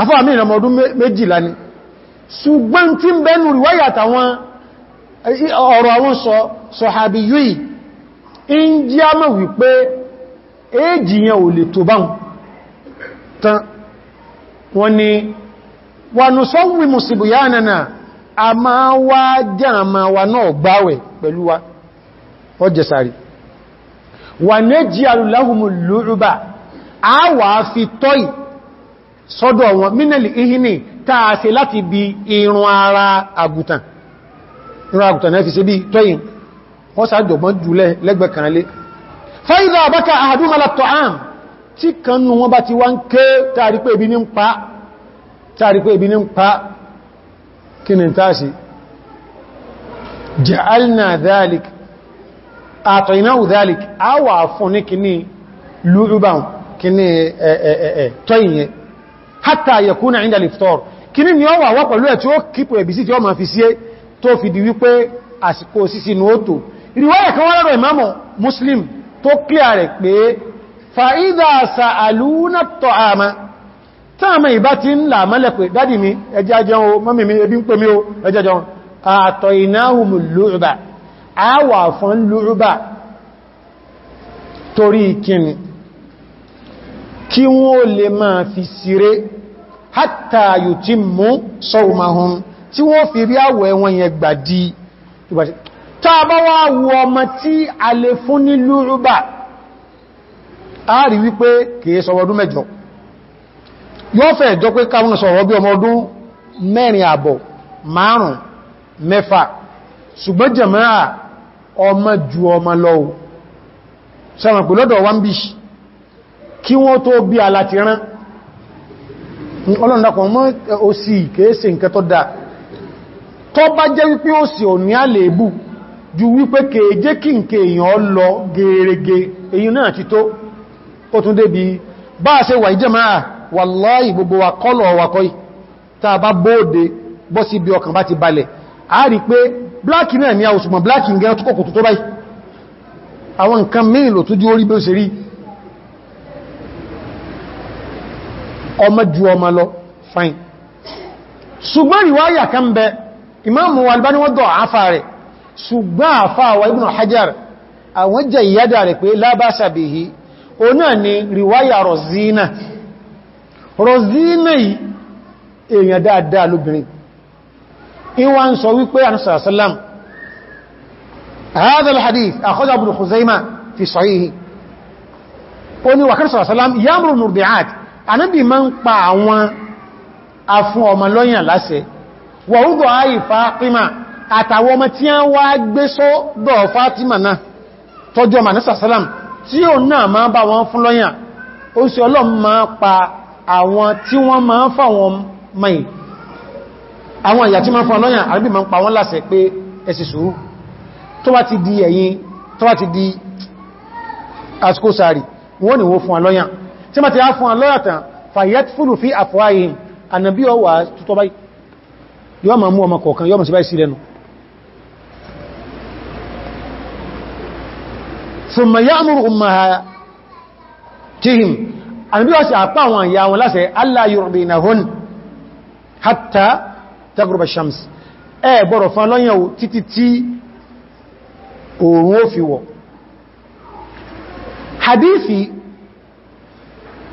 afọ́ àmì ìrọmọdún méjìlá ni ṣùgbọ́n tí ń bẹ́nu ríwáyà àtàwọn ọ̀rọ̀ àwọn sọ̀hábí yìí in jí a mọ̀ wípé èjì yẹn ò lè tó báhùn tán wọn ni wọnù sọ́wọ́n musibyanana a máa wá jẹ́ àmà wa wa ọjẹ́sàrí wà ní jí alùláhùn lórúbà àwà fi tọ́ì sọ́dọ̀ wọn mínẹ̀lì ihini tàà se láti bí irun ara àgùtàn irun àgùtàn náà fi ṣe bí tọ́yìn wọ́n sàájọ̀gbọ́n jùlẹ̀ lẹ́gbẹ̀ kan lé fẹ́ìdà àbákà àdúmọ̀lá tọ́ám tí kanú wọn bá ti wá ń ké tààrí pé ibi ní ń pa kíní ẹ̀ẹ̀ẹ̀ẹ̀ tọ́ ìyẹn hátà yẹkúnà ìdà liftor kíní ni ó wà wá pẹ̀lú ẹ̀ tí ó kípò ẹ̀bìsí tí ó ma fi sí tó fi di wípé àsìkò sísì ní ó tò ìrìwáyà kan wọ́n lọ́rọ̀ ìmáàmù Muslim tó kílà rẹ̀ pé fa'ídà sàálúnà tọ́ àmà táàmà ìbá ti ń là mọ́lẹ̀ pé dádì mi ẹjá jẹun o mọ́mí mi ebi ń torí kíni kí wọ́n lè máa fi síré hátà yóò tí mú sọ́rùmáhun tí wọ́n fi rí àwọ̀ ẹ̀wọ̀n yẹn gbà di tàbá wá wọ ọmọ tí a lè fún ní lúrúbà a rí wípé kìí sọ̀rọ̀dún mẹ́jọ yóò fẹ́ jọ pé káwọn sọ̀rọ̀ bí kí wọ́n tó bí aláti rán ọlọ́ndakọ̀ mọ́ òsì kèése nǹkan tó dáa tó bá jẹ́ wípé òsì ò ní àlèébù ju wípé kèèjé kí nke èèyàn lọ gẹ̀ẹ́rẹ̀gẹ̀ èyí náà ti tó ó tún débi bá ṣe wà ìjẹ́ máa wàláhì gbogbo wa kọ́lọ̀ wakọ́ tàà bá bóòdé bọ́ sí ibi ọkàn bá ti balẹ̀ a rí pé bláàkì náà ní àwòsùgbọ̀n bláàkì ń gẹ́rẹ́ tó kọ̀kùtù tó báyìí àwọn nǹkan mìí lò tó jú orí bí ó ṣe rí ọmọ ju ọmọ lọ fine ṣùgbọ́n ìwáyà kan bẹ imáàmù Albani wọ́n dọ̀ àfà rẹ̀ ṣùgbọ́n àfà wa Ibn Hajar àwọn jẹ ìyádà rẹ̀ pé lábáṣà bihi o náà ni ríwáyà Rozina Rozina yìí èèyàn dáadáa lóbìnrin ìwà ń sọ wípé anúsàrásálàm هذا الحديث أخذ ابن خزيمة في صحيحه قولي وكان يأمر المرضعات anábì ma ń pa àwọn afún ọmọ lọ́yàn láṣẹ wọ̀húdọ̀ ayì Fátímà àtàwọn ọmọ tí a wá gbé sọ́dọ̀ Fátímà náà tọ́jọ́ manasa salam tí ó náà máa bá wọn fún lọ́yàn ó sì ọlọ́m máa pa àwọn tí wọ́n mai àwọn ìyà tí máa fún lọ́yàn anábì ma ń pa wọ́n láṣẹ pé ẹ sì sùúrù tó bá ti ni wó fún lọ́yàn tí ma ti á fún alọ́yàtàn fàyẹ́t fúlù fí àfúwáyìn ànàbí ọwà tútọ́ báyìí yọ́ ma mú ọmọ kọ̀ọ̀kan yọ́ ma sí báyìí sí lẹ́nu thumma ya'muru ummahatihim ànàbí ọ̀sẹ̀ àpá àwọn àyà wọn láṣẹ alla yurdinahun hatta tagruba shams hadithi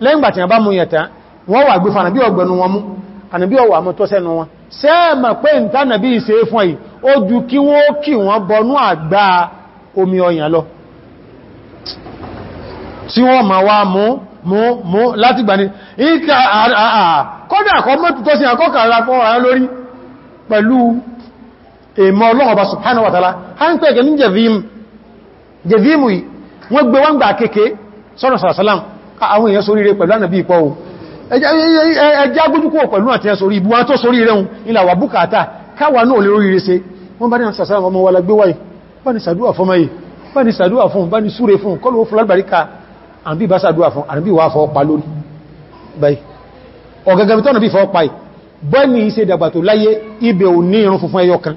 lẹ́yìngbà tí a bá mú yẹta wọ́n wà gbé fànàbí ọgbẹ̀nu wọn mú ànàbí ọwà mọ́ tó sẹ́nu wọn sẹ́ẹ̀mà pé ń tánàbí ìṣe fún ó ju kí wọ́n kí wọ́n bọnú àgbà omi ọyàn lọ tí wọ́n ma wá mú mú mú láti gbà ní ọba ha wọ́n gbé wọ́n gbà kéèké sọ́rọ̀ sàrásàlámù àwọn èèyàn sórí rẹ̀ pẹ̀lú ànàbí ipọ̀ ẹjá gbójúkú pẹ̀lú àti ẹ sórí ibu tó sórí rẹ̀ ìlà wà búkàtà káwà náà lè rórí rẹ̀ se wọ́n bá ní àṣàṣàrà ọmọ wa lagbé wáyé bá ní sàdúwà fún mẹ́yẹ bá ní sàdúwà fún bá ní súre fún kọlu fún lágbàríkà àbí bá sàdúwà fún àbí wà fọ́ pa lórí báyìí ọ̀gẹ́gẹ́ tó nàbí fọ́ pa bọ́ ní iṣẹ́ ìdàgbà tó láyé ibẹ̀ ò ní irun funfun ẹyọ kan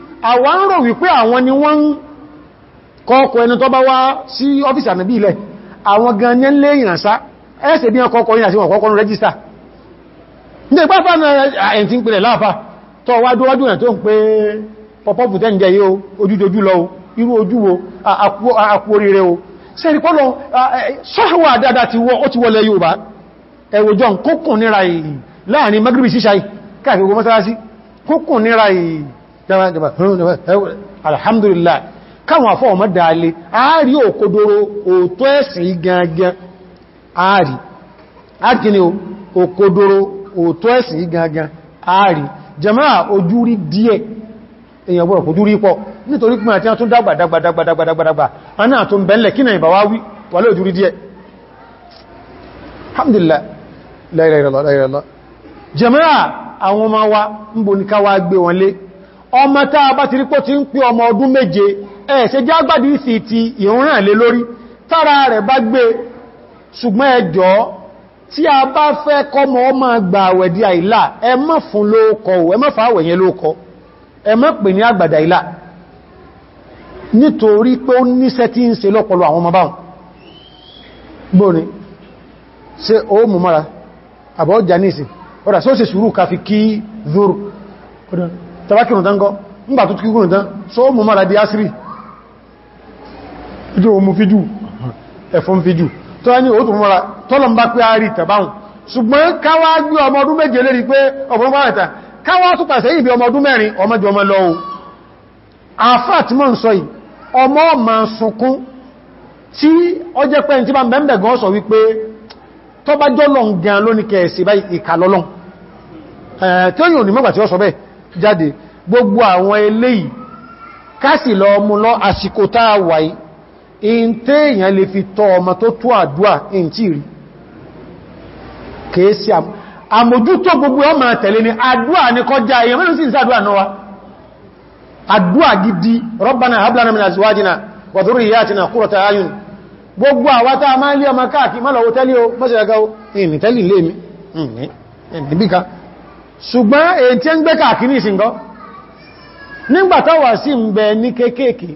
àwọn ń rò wípé àwọn ni wọ́n ń kọ́ọ̀kọ́ ẹni tó bá wá sí ọ́fíìsì ànàbí ilẹ̀ àwọn gan ní lè ìrànsá ẹ́sẹ̀ bí ọkọ̀ọ̀kọ́ yìí àti wọn kọ́kọ́ rẹ́gísítà ní ìpápá ẹ̀yìn tí ń pèlẹ̀ láàfà tó wá dúwájú ẹ̀ tó ń pé pọ̀pọ̀pù tẹ́ ń jẹ yóò ojúdojú lọ irú ojú wo àpò oríire o sẹ́rí pọ́lọ sọ́hàwà dáadáa ti wọ́ ó ti wọlé Yorùbá ẹ̀wòjọ́ kókùn níra yìí láàrin Magribi síṣáì káàkiri mọ́sálásí kókùn níra yìí alhamdulillah káwọn afọ́ ọmọ dáalé ààrí òkodoro òtó ẹ̀sìn gangan ààrí ààrí òkodoro òtó ẹ̀sìn gangan ààrí jàmáà ojú rí díẹ̀ èyàn gbọ́rọ̀ kò dúrí pọ̀ nítorí pín àti àtún dágbàdágbàdágbàdágbàdágbà aná àtún bẹ̀lẹ̀ kí náà ìbàwá wí wà lóò dúrí díẹ̀ alhamdulillah la ilaha illallah jàmáà àwọn ọmọ wa ń bò ní káwàá gbé wọn lé ọmọ táa bá ti rípò tí ń pí ọmọ ọdún méje ẹ̀ ṣe jẹ́ àgbàdì ìsì ti ìrúnràn lé lórí tára rẹ̀ bá gbé ṣùgbọ́n ẹjọ́ tí a bá fẹ́ kọmọ ọmọ àgbà àwẹ̀dí àìlà ẹ má fún lóókọ ẹ má fà àwẹ̀yẹn lóókọ ẹ má pè ní àgbàdà àìlà nítorí pé ó níṣẹ́ tí ń ṣe lọ́pọ̀lọ́ àwọn ọmọ báwọn gbóni ṣe ó mú mara àbọ̀ ọjà ní ìsìn ọ̀rà sóṣèṣúrù ká fi kí zuru tàbákìrùn tán gọ́ ńgbà tó kíkùrùn tán só mú mara di asiri ìjọ mú fíjú ẹ̀fún fíjú tó ẹni ó tún mọ́ra tọ́lọm bá pé àárí tàbáhùn ṣùgbọ́n káwà gbé ọmọ ọdún méje lérí pé ọgbọ̀n bárẹ̀ta káwà tó pàṣẹ ìbí ọmọ ọdún mẹ́rin ọmọdé ọmọ lọ́wọ́ àfá tí mọ́ ń sọ yìí ọmọ ma sunkún tí ó jẹ́ yìí ò ní mọ́gbà tí ó sọ bẹ́ẹ̀ jáde gbogbo àwọn eléyìí kásì lọ mú lọ àsìkò táà wáyé in tí èyàn lè fi tọ ọmọ tó tó àdúà in tí rí kèé sí àmójútó gbogbo ọmọ tẹ̀lé ni àdúà ní kọjá èyàn mẹ́rin sí ìsàdúà náà àdúà gidi Rabbana hablana min azwajina wa dhurriyyatina qurrata ayun gbogbo àwátá máa lé ọmọ káàkiri má lọ tẹ́lé o mọ́sẹ̀lẹ́gá o ìní tẹ́lì lé mi ìní bíka ṣùgbọ́n èyí tí ń gbé káàkiri ìsìnkọ́ nígbàtàwà sí ń bẹ ní kéèkéèké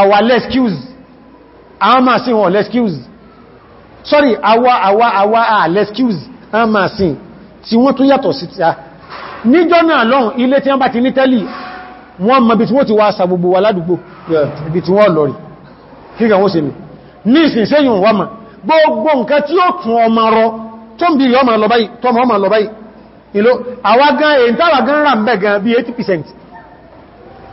àwà lẹ́skíùs àwọn máa sí wọn lẹ́skíùs sorry àwà àwà àwà à lẹ́skíùs àwọn máa sí tí wọ́n tún yàtọ̀ sí ti a níjọ́ náà lọ́hùn ilé tí wọ́n bá ti ní tẹ́lì wọ́n mọ̀ bí tí wọ́n ti wá sa gbogbo wa ládùgbò ibi tí wọ́n lọ́rì kíkà wọ́n se mi ní ìsinsẹ́yìn wọ́n mọ̀ gbogbo nǹkan rà ń bẹ̀ gan bí 80%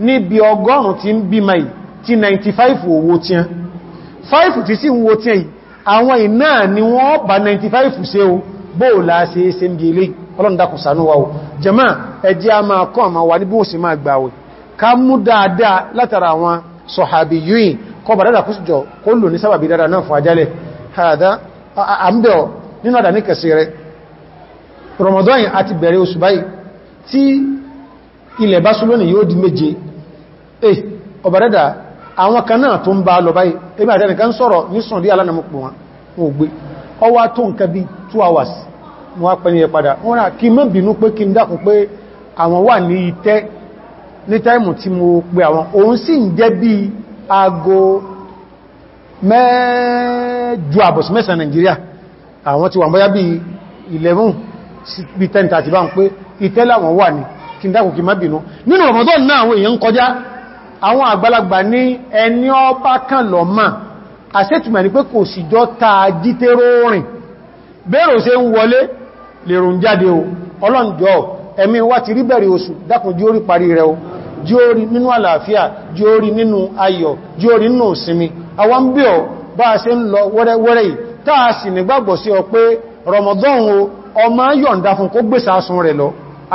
níbi ọgọ́rùn tí ń bí máa tí 95 owó tí ẹn 5 tí sí ń wo tí ẹn àwọn iná ni wọ́n bá 95 ṣe o bóòlá ṣe é ṣe ń bí ilé ọlọ́ndakù sànúwà o jẹ́mà ẹjẹ́ a máa kọ́ àmà wà ní bóò sí máa gbàwẹ̀ ká mú dáadáa látara àwọn sọ̀hàbí yìí kọba dáadáa kó sì jọ kó lò ní sábàbí dáadáa ilẹ̀ bá sún lónìí yóò di méje eh ọ̀bàdẹ́dà àwọn kan náà tó ń bá lọ báyìí ẹgbẹ́ àdẹ́rẹ̀ kan sọ̀rọ̀ ní sọ̀dí alánàmọ́pọ̀ wọn ò gbé ọwá tó nǹkan bí 2 hours wọ́n á pẹ̀lú ẹ̀padà wọ́n rà kí mọ́ bínú pé kí n dákùn pé àwọn wà ní ìtẹ́ ní táìmù tí ti wà bóyá bí 11 bí 10 bá ń pé ìtẹ́ láwọn wà ní kí n dákùn kí má bínú nínú Ramadan náà àwọn èèyàn kọjá àwọn àgbàlagbà ní ẹni ọba kan lọ máa àṣẹ́tùmà ni pé kò sì jọ taa jítéró rìn bẹ́rò ṣe ń wọlé lèrò ń jáde o ọlọ́njọ́ ẹ̀mí wá ti rí bẹ̀rẹ̀ oṣù dákùn jí ó rí parí rẹ̀ o jí ó rí nínú àlàáfíà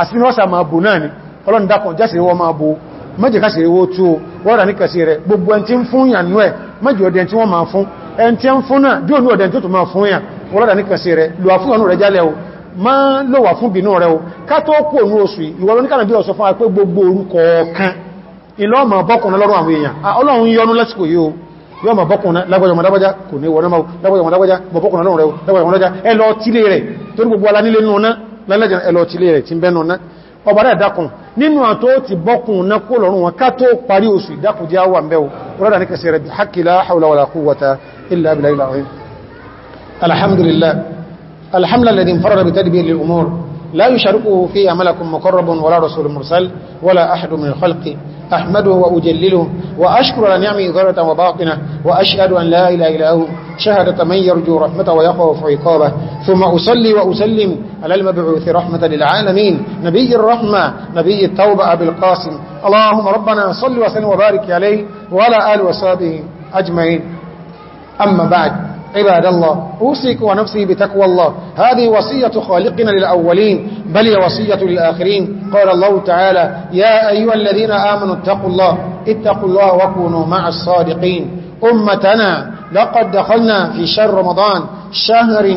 àsìrí wọ́n sàmà bò náà ni ọlọ́run dákan jásìrí wọ́n máa bò mẹ́jẹ̀kásìrí wó tó wọ́n rà ní kẹsì rẹ̀ gbogbo ẹn tí ń fún yàn náà mẹ́jẹ̀ ọdẹ tí wọ́n máa fún ẹn tí ń fún náà bí òní ọdẹ tó tó máa fún yàn wọ́n rà ní kẹsì rẹ̀ lò fún ọ̀nà rẹ̀ jálẹ̀ o má lò wà fún bínú rẹ̀ o ká tó kú òun oṣù ìwọ lọ níkànnà bí ọ̀sọ̀ fún apé gbogbo yọ́ ma bọ́kùnrin lágbàjọ kò ní wọ́n náà lágbàjọ ma lọ́rùn rẹ̀ lágbàjọ ẹ lọ tílé rẹ̀ torí gbogbo alá nílé náà lálẹ́jẹ̀ ẹlọ ti lè rẹ̀ ti bẹ́nu náà ọba rẹ̀ dákùn nínú àtó ti bọ́kùn náà kó lọ́rùn wọn ká tó parí oṣù ìdákùn jẹ́ àwọn àmbẹ́ rọ́dà ní kẹsẹ̀ rẹ̀ haqqi لا يشاركه فيها ملك مقرب ولا رسول مرسل ولا أحد من الخلق أحمده وأجلله وأشكر على نعمه ذرة وباطنة وأشهد أن لا إله إلا هو شهادة من يرجو رحمته ويخوف عقابه ثم أصلي وأسلم على المبعوث رحمة للعالمين نبي الرحمة نبي التوبة أبي القاسم اللهم ربنا صل وسلم وبارك عليه وعلى آل وصابه أجمعين أما بعد عباد الله أوصيك ونفسي بتقوى الله هذه وصية خالقنا للأولين بل هي وصية للآخرين قال الله تعالى يا أيها الذين آمنوا اتقوا الله اتقوا الله وكونوا مع الصادقين أمتنا لقد دخلنا في شهر رمضان شهر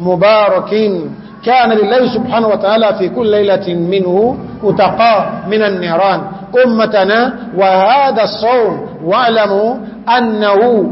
مبارك كان لله سبحانه وتعالى في كل ليلة منه أتقى من النيران أمتنا وهذا الصوم واعلموا أنه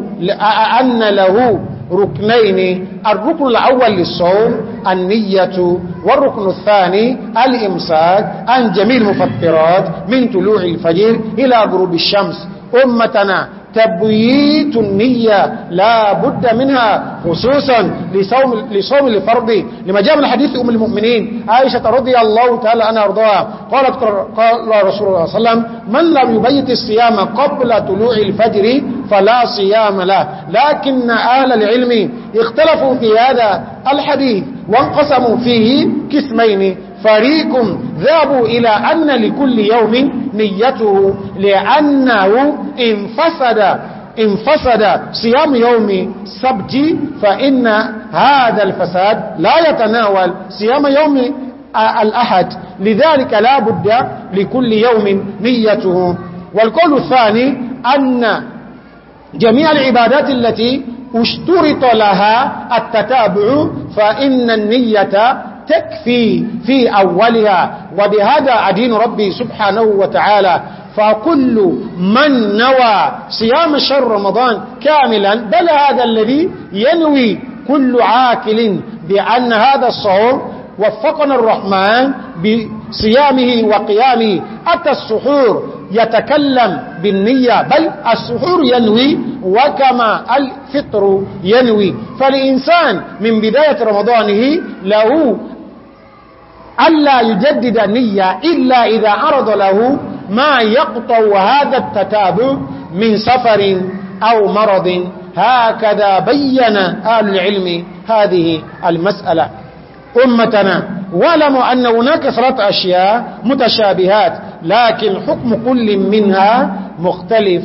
أن له ركنين الركن الأول للصوم النية والركن الثاني الإمساك عن جميع مفطرات من طلوع الفجر إلى غروب الشمس أمتنا تبييت النية لا بد منها خصوصا لصوم, لصوم الفرض لما جاء من حديث أم المؤمنين عائشة رضي الله تعالى عنها وارضاها قالت قال رسول الله صلى الله عليه وسلم من لم يبيت الصيام قبل طلوع الفجر فلا صيام له لكن أهل العلم اختلفوا في هذا الحديث وانقسموا فيه كسمين فريق ذهبوا إلى أن لكل يوم نيته لأنه انفسد انفسد صيام يوم سبت فإن هذا الفساد لا يتناول صيام يوم الأحد لذلك لا بد لكل يوم نيته والقول الثاني أن جميع العبادات التي اشترط لها التتابع فإن النية تكفي في أولها وبهذا أدين ربي سبحانه وتعالى فكل من نوى صيام شهر رمضان كاملا بل هذا الذي ينوي كل عاكل بأن هذا الصوم وفقنا الرحمن بصيامه وقيامه أتى السحور يتكلم بالنية بل السحور ينوي وكما الفطر ينوي فالإنسان من بداية رمضانه له ألا يجدد النية إلا إذا عرض له ما يقطع هذا التتابع من سفر أو مرض هكذا بين أهل العلم هذه المسألة أمتنا ولم أن هناك صلاة أشياء متشابهات لكن حكم كل منها مختلف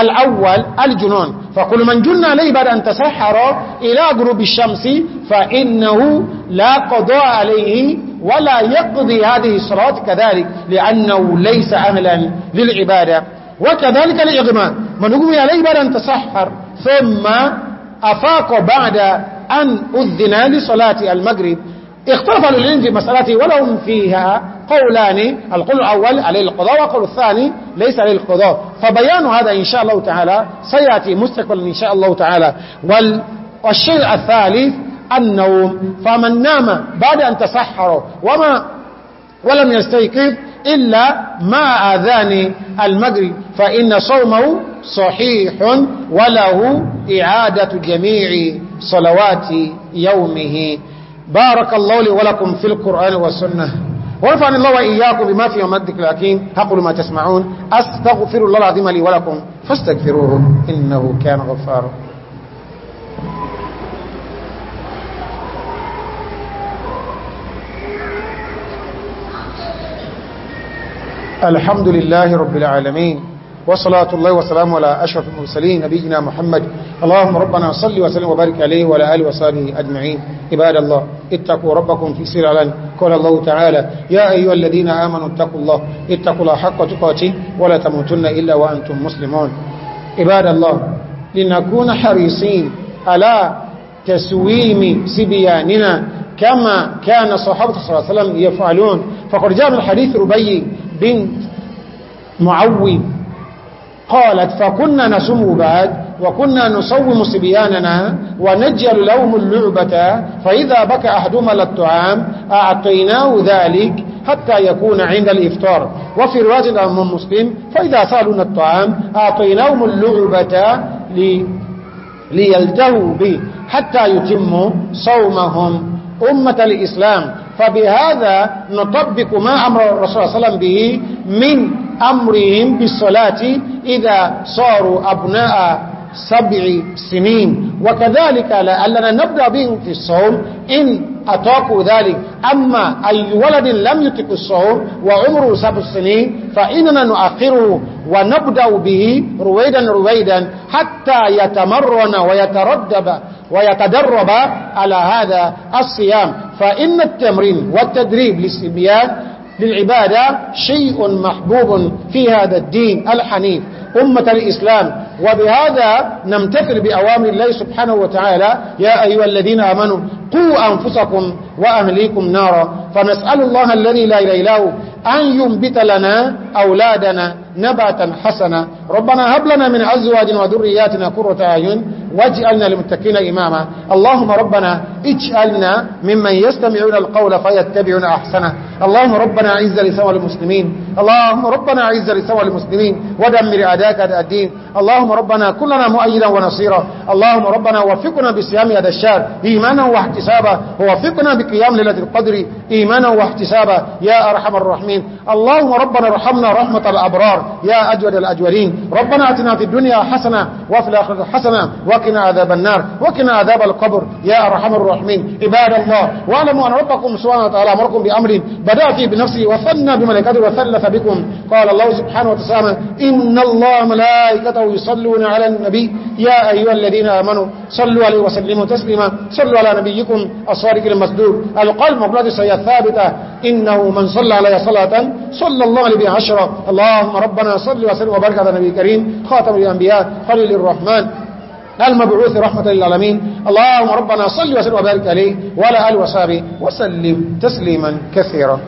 الأول الجنون فكل من جن عليه بعد أن تسحر إلى غروب الشمس فإنه لا قضاء عليه ولا يقضي هذه الصلاة كذلك لأنه ليس أملا للعبادة وكذلك الإغماء من أغمي عليه بعد أن تسحر ثم أفاق بعد أن أذن لصلاة المغرب اختلف العلم في مسألته ولهم فيها قولان القول الأول عليه القضاء والقول الثاني ليس عليه القضاء فبيان هذا إن شاء الله تعالى سيأتي مستقبل إن شاء الله تعالى والشيء الثالث النوم فمن نام بعد أن تسحر وما ولم يستيقظ إلا ما آذان المغرب فإن صومه صحيح وله إعادة جميع صلوات يومه بارك الله لي ولكم في القرآن والسنة ونفعني الله وإياكم بما في يوم الذكر الحكيم تقول ما تسمعون أستغفر الله العظيم لي ولكم فاستغفروه إنه كان غفارا الحمد لله رب العالمين وصلاة الله وسلام على أشرف المرسلين نبينا محمد اللهم ربنا صل وسلم وبارك عليه وعلى آله وصحبه أجمعين عباد الله اتقوا ربكم في سلالان قال الله تعالى يا أيها الذين آمنوا اتقوا الله اتقوا الله حق تقاته ولا تموتن إلا وأنتم مسلمون عباد الله لنكون حريصين على تسويم سبياننا كما كان صحابة صلى الله عليه وسلم يفعلون فقد جاء من حديث ربي بنت معوي قالت فكنا نسم بعد وكنا نصوم صبياننا ونجل لهم اللعبة فإذا بكى أحدهم للطعام أعطيناه ذلك حتى يكون عند الإفطار وفي رواج الأمم المسلم فإذا سألون الطعام أعطيناهم اللعبة لي ليلتهوا به حتى يتموا صومهم أمة الإسلام فبهذا نطبق ما أمر الرسول صلى الله عليه وسلم به من أمرهم بالصلاة إذا صاروا أبناء سبع سنين وكذلك لأننا نبدأ بهم في الصوم إن أتاكوا ذلك أما أي ولد لم يتك الصوم وعمره سبع سنين فإننا نؤخره ونبدأ به رويدا رويدا حتى يتمرن ويتردب ويتدرب على هذا الصيام فإن التمرين والتدريب للسبيان للعبادة شيء محبوب في هذا الدين الحنيف أمة الإسلام وبهذا نمتثل بأوامر الله سبحانه وتعالى يا أيها الذين آمنوا قوا أنفسكم وأهليكم نارا فنسأل الله الذي لا إله إلا هو أن ينبت لنا أولادنا نباتا حسنا ربنا هب لنا من أزواجنا وذرياتنا كرة أعين واجعلنا للمتقين إماما اللهم ربنا اجعلنا ممن يستمعون القول فيتبعون أحسنه اللهم ربنا عز لسوى المسلمين اللهم ربنا عز لسوى المسلمين ودمر أداك أداء الدين اللهم ربنا كلنا مؤيدا ونصيرا اللهم ربنا وفقنا بصيام هذا الشهر إيمانا واحتسابا ووفقنا بقيام ليلة القدر إيمانا واحتسابا يا أرحم الرحمن الراحمين اللهم ربنا ارحمنا رحمة الأبرار يا أجود الأجودين ربنا أتنا في الدنيا حسنة وفي الآخرة حسنة وقنا عذاب النار وقنا عذاب القبر يا أرحم الراحمين عباد الله واعلموا أن ربكم سبحانه وتعالى أمركم بأمر بدأ بنفسي بنفسه وثنى بملكاته وثلث بكم قال الله سبحانه وتعالى إن الله ملائكته يصلون على النبي يا أيها الذين آمنوا صلوا عليه وسلموا تسليما صلوا على نبيكم الصادق المسدود القلب مقلد الثابتة إنه من صلى علي صلاة صلى الله عليه بها عشرة اللهم ربنا صل وسلم وبارك على النبي الكريم خاتم الأنبياء خليل الرحمن المبعوث رحمة للعالمين اللهم ربنا صل وسلم وبارك عليه وعلى أل وصحبه وسلم تسليما كثيرا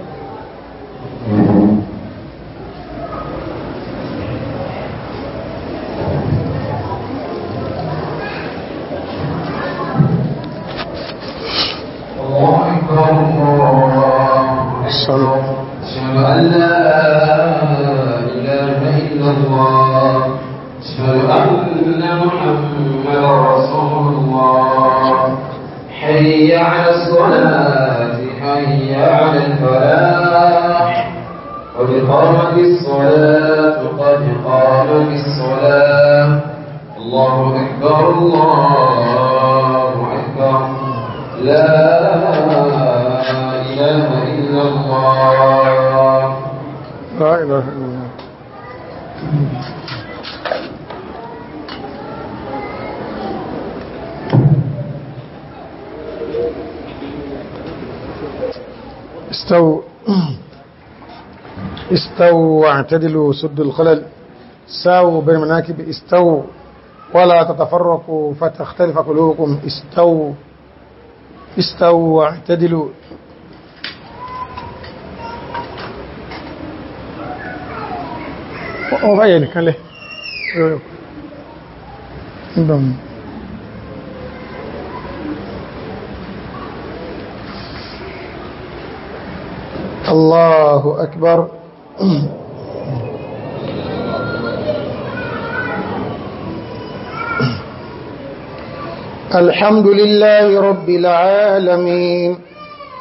أكبر الله أكبر لا إله إلا الله لا إله إلا الله استو استو واعتدلوا سد الخلل ساووا بين مناكب استو ولا تتفرقوا فتختلف قلوبكم استو استو واعتدلوا ọba yẹ nìkan الحمد لله رب العالمين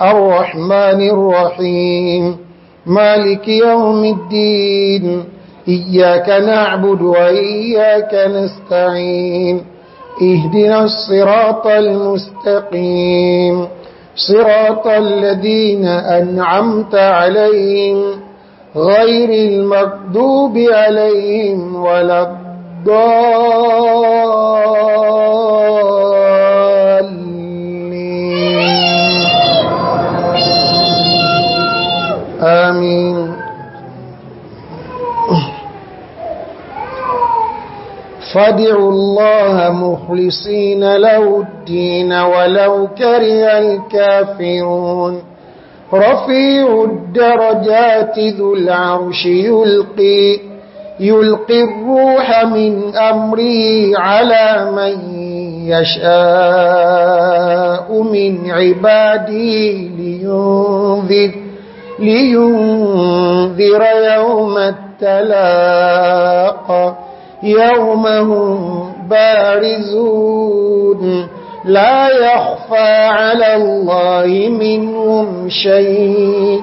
الرحمن الرحيم مالك يوم الدين إياك نعبد وإياك نستعين اهدنا الصراط المستقيم صراط الذين أنعمت عليهم غير المكذوب عليهم ولا الضالين فادعوا الله مخلصين له الدين ولو كره الكافرون رفيع الدرجات ذو العرش يلقي يلقي الروح من أمره على من يشاء من عباده لينذر, لينذر يوم التلاقى يوم هم بارزون لا يخفى على الله منهم شيء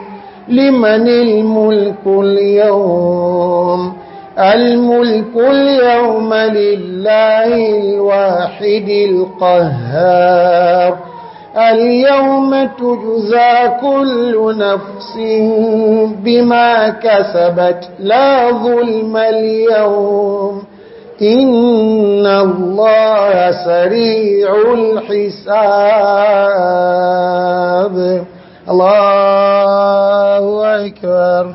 لمن الملك اليوم الملك اليوم لله الواحد القهار اليوم تجزى كل نفس بما كسبت لا ظلم اليوم إن الله سريع الحساب الله أكبر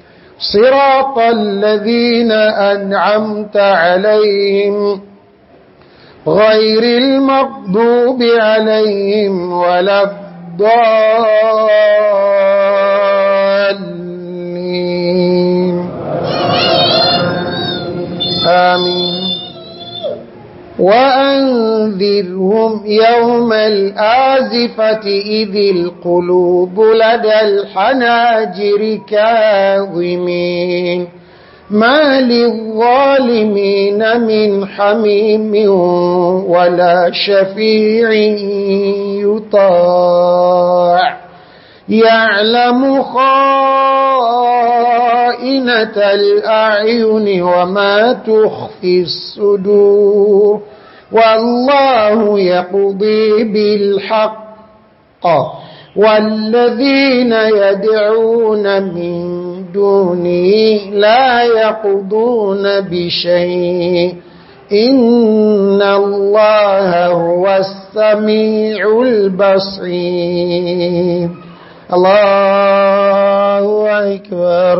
صراط الذين أنعمت عليهم غير المغضوب عليهم ولا الضالين آمين وأنذرهم يوم الآزفة إذ القلوب لدى الحناجر كاظمين ما للظالمين من حميم ولا شفيع يطاع يعلم خائنة الأعين وما تخفي الصدور والله يقضي بالحق والذين يدعون من دونه لا يقضون بشيء إن الله هو السميع البصير الله أكبر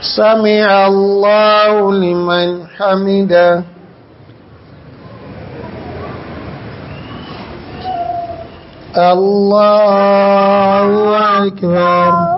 سمع الله لمن حمده الله أكبر